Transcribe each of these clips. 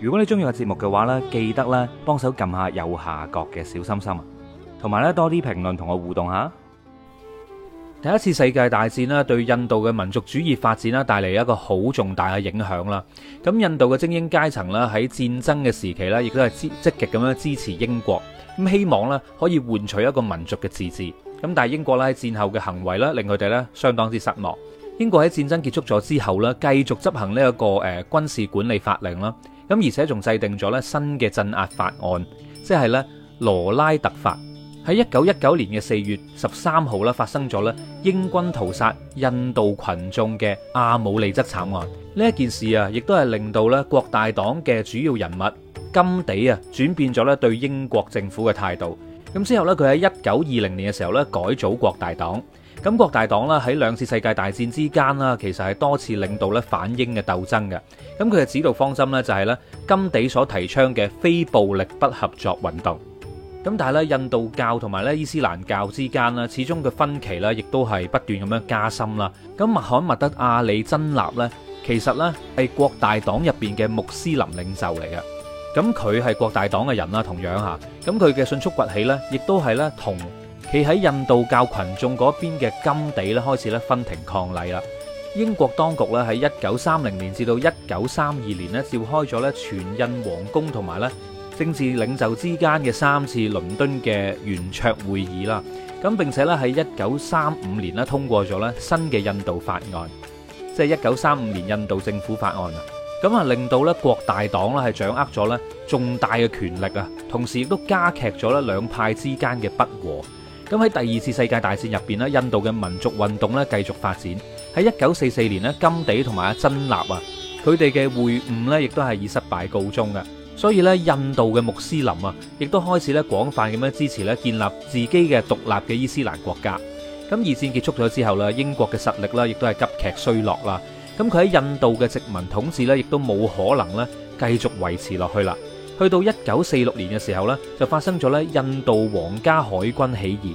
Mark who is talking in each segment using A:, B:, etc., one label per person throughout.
A: 如果你中意個節目嘅話呢，記得咧幫手撳下右下角嘅小心心啊，同埋咧多啲評論同我互動下。第一次世界大戰啦，對印度嘅民族主義發展啦，帶嚟一個好重大嘅影響啦。咁印度嘅精英階層咧，喺戰爭嘅時期咧，亦都係積積極咁樣支持英國，咁希望咧可以換取一個民族嘅自治。咁但係英國咧喺戰後嘅行為咧，令佢哋咧相當之失望。英國喺戰爭結束咗之後咧，繼續執行呢一個誒軍事管理法令啦。咁而且仲制定咗咧新嘅鎮壓法案，即係咧羅拉特法。喺一九一九年嘅四月十三號咧，發生咗咧英軍屠殺印度群眾嘅阿姆利則慘案呢一件事啊，亦都係令到咧國大黨嘅主要人物甘地啊轉變咗咧對英國政府嘅態度。咁之後咧，佢喺一九二零年嘅時候咧改組國大黨。咁國大黨啦，喺兩次世界大戰之間啦，其實係多次領導咧反英嘅鬥爭嘅。咁佢嘅指導方針咧就係咧甘地所提倡嘅非暴力不合作運動。咁但係咧印度教同埋咧伊斯蘭教之間咧，始終嘅分歧咧，亦都係不斷咁樣加深啦。咁穆罕默德阿里真納咧，其實咧係國大黨入邊嘅穆斯林領袖嚟嘅。咁佢係國大黨嘅人啦，同樣嚇。咁佢嘅迅速崛起咧，亦都係咧同。企喺印度教羣眾嗰邊嘅甘地咧，開始咧分庭抗禮啦。英國當局咧喺一九三零年至到一九三二年咧，召開咗咧全印王公同埋咧政治領袖之間嘅三次倫敦嘅圓桌會議啦。咁並且咧喺一九三五年咧通過咗咧新嘅印度法案，即係一九三五年印度政府法案啊。咁啊令到咧國大黨咧係掌握咗咧重大嘅權力啊，同時亦都加劇咗咧兩派之間嘅不和。咁喺第二次世界大戰入邊咧，印度嘅民族運動咧繼續發展。喺一九四四年咧，甘地同埋阿真納啊，佢哋嘅會晤咧，亦都係以失敗告終嘅。所以呢，印度嘅穆斯林啊，亦都開始咧廣泛咁樣支持咧建立自己嘅獨立嘅伊斯蘭國家。咁二戰結束咗之後啦，英國嘅實力啦，亦都係急劇衰落啦。咁佢喺印度嘅殖民統治呢，亦都冇可能咧繼續維持落去啦。去到一九四六年嘅時候呢，就發生咗咧印度皇家海軍起義。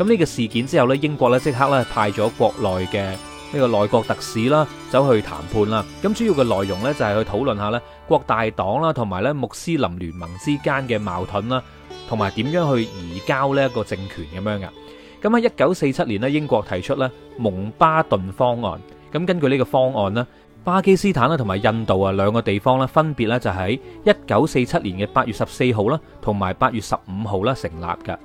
A: 咁呢個事件之後呢，英國呢即刻咧派咗國內嘅呢個內閣特使啦，走去談判啦。咁主要嘅內容呢，就係去討論下呢國大黨啦同埋咧穆斯林聯盟之間嘅矛盾啦，同埋點樣去移交呢一個政權咁樣嘅。咁喺一九四七年呢，英國提出咧蒙巴頓方案。咁根據呢個方案呢。巴基斯坦啦，同埋印度啊，兩個地方咧，分別咧就喺一九四七年嘅八月十四號啦，同埋八月十五號啦成立㗎。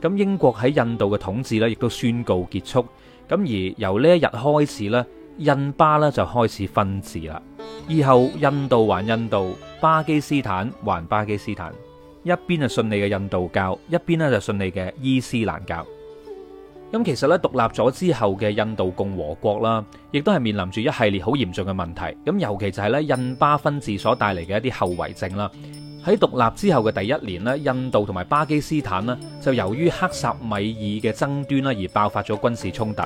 A: 咁英國喺印度嘅統治咧，亦都宣告結束。咁而由呢一日開始咧，印巴咧就開始分治啦。以後印度還印度，巴基斯坦還巴基斯坦，一邊就信你嘅印度教，一邊呢就信你嘅伊斯蘭教。咁其實咧，獨立咗之後嘅印度共和國啦，亦都係面臨住一系列好嚴重嘅問題。咁尤其就係咧印巴分治所帶嚟嘅一啲後遺症啦。喺獨立之後嘅第一年呢，印度同埋巴基斯坦呢，就由於克什米爾嘅爭端啦而爆發咗軍事衝突。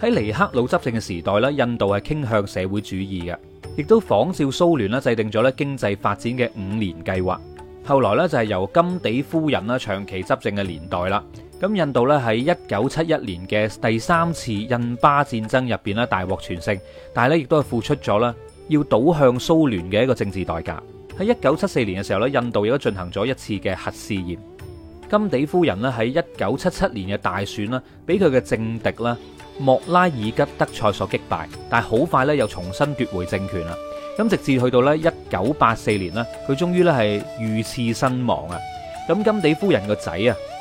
A: 喺尼赫魯執政嘅時代咧，印度係傾向社會主義嘅，亦都仿照蘇聯啦制定咗咧經濟發展嘅五年計劃。後來呢，就係由甘地夫人啦長期執政嘅年代啦。咁印度呢，喺一九七一年嘅第三次印巴戰爭入邊呢，大獲全勝，但係咧亦都係付出咗啦，要倒向蘇聯嘅一個政治代價。喺一九七四年嘅時候呢，印度亦都進行咗一次嘅核試驗。甘地夫人呢，喺一九七七年嘅大選啦，俾佢嘅政敵啦莫拉爾吉德賽所擊敗，但係好快呢，又重新奪回政權啦。咁直至去到呢，一九八四年呢，佢終於呢係遇刺身亡啊。咁甘地夫人個仔啊。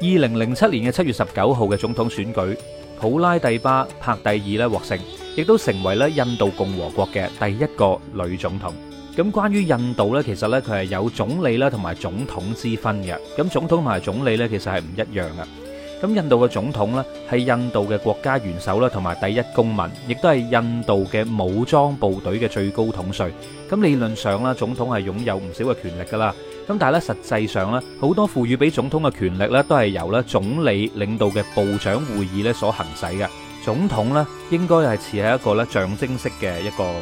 A: 二零零七年嘅七月十九號嘅總統選舉，普拉蒂巴帕蒂爾呢獲勝，亦都成為咧印度共和國嘅第一個女總統。咁關於印度呢，其實呢，佢係有總理咧同埋總統之分嘅。咁總統同埋總理呢，其實係唔一樣嘅。咁印度嘅總統呢係印度嘅國家元首啦，同埋第一公民，亦都係印度嘅武裝部隊嘅最高統帥。咁理論上啦，總統係擁有唔少嘅權力㗎喇。咁但係咧，實際上呢，好多賦予俾總統嘅權力呢，都係由咧總理領導嘅部長會議呢所行使嘅。總統呢應該係持喺一個咧象徵式嘅一個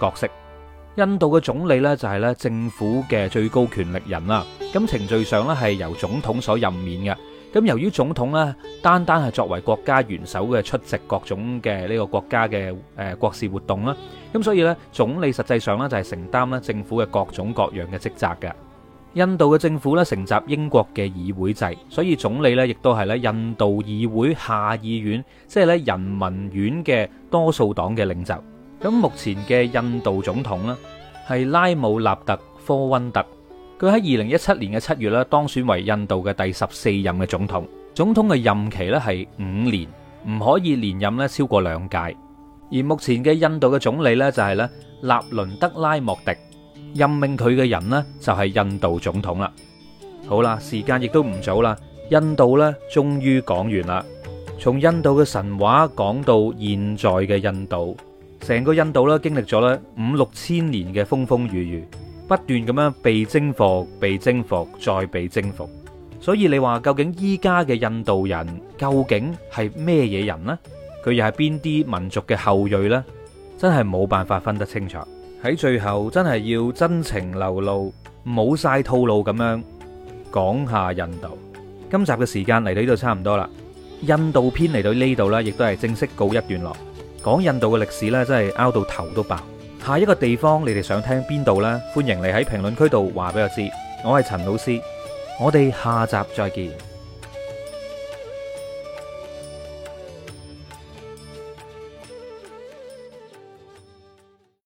A: 角色。印度嘅總理呢就係咧政府嘅最高權力人啦。咁程序上呢係由總統所任免嘅。咁由於總統咧，單單係作為國家元首嘅出席各種嘅呢個國家嘅誒國事活動啦，咁所以咧總理實際上咧就係承擔咧政府嘅各種各樣嘅職責嘅。印度嘅政府咧承襲英國嘅議會制，所以總理咧亦都係咧印度議會下議院，即係咧人民院嘅多數黨嘅領袖。咁目前嘅印度總統咧係拉姆納特科溫特。佢喺二零一七年嘅七月呢當選為印度嘅第十四任嘅總統，總統嘅任期呢係五年，唔可以連任呢超過兩屆。而目前嘅印度嘅總理呢就係呢納倫德拉莫迪，任命佢嘅人呢就係印度總統啦。好啦，時間亦都唔早啦，印度呢終於講完啦，從印度嘅神話講到現在嘅印度，成個印度呢經歷咗呢五六千年嘅風風雨雨。不斷咁樣被徵服、被徵服、再被征服，所以你話究竟依家嘅印度人究竟係咩嘢人呢？佢又係邊啲民族嘅後裔呢？真係冇辦法分得清楚。喺最後真係要真情流露，冇晒套路咁樣講下印度。今集嘅時間嚟到呢度差唔多啦，印度篇嚟到呢度呢，亦都係正式告一段落。講印度嘅歷史呢，真係拗到頭都爆。下一個地方你哋想聽邊度呢？歡迎你喺評論區度話俾我知。我係陳老師，我哋下集再見。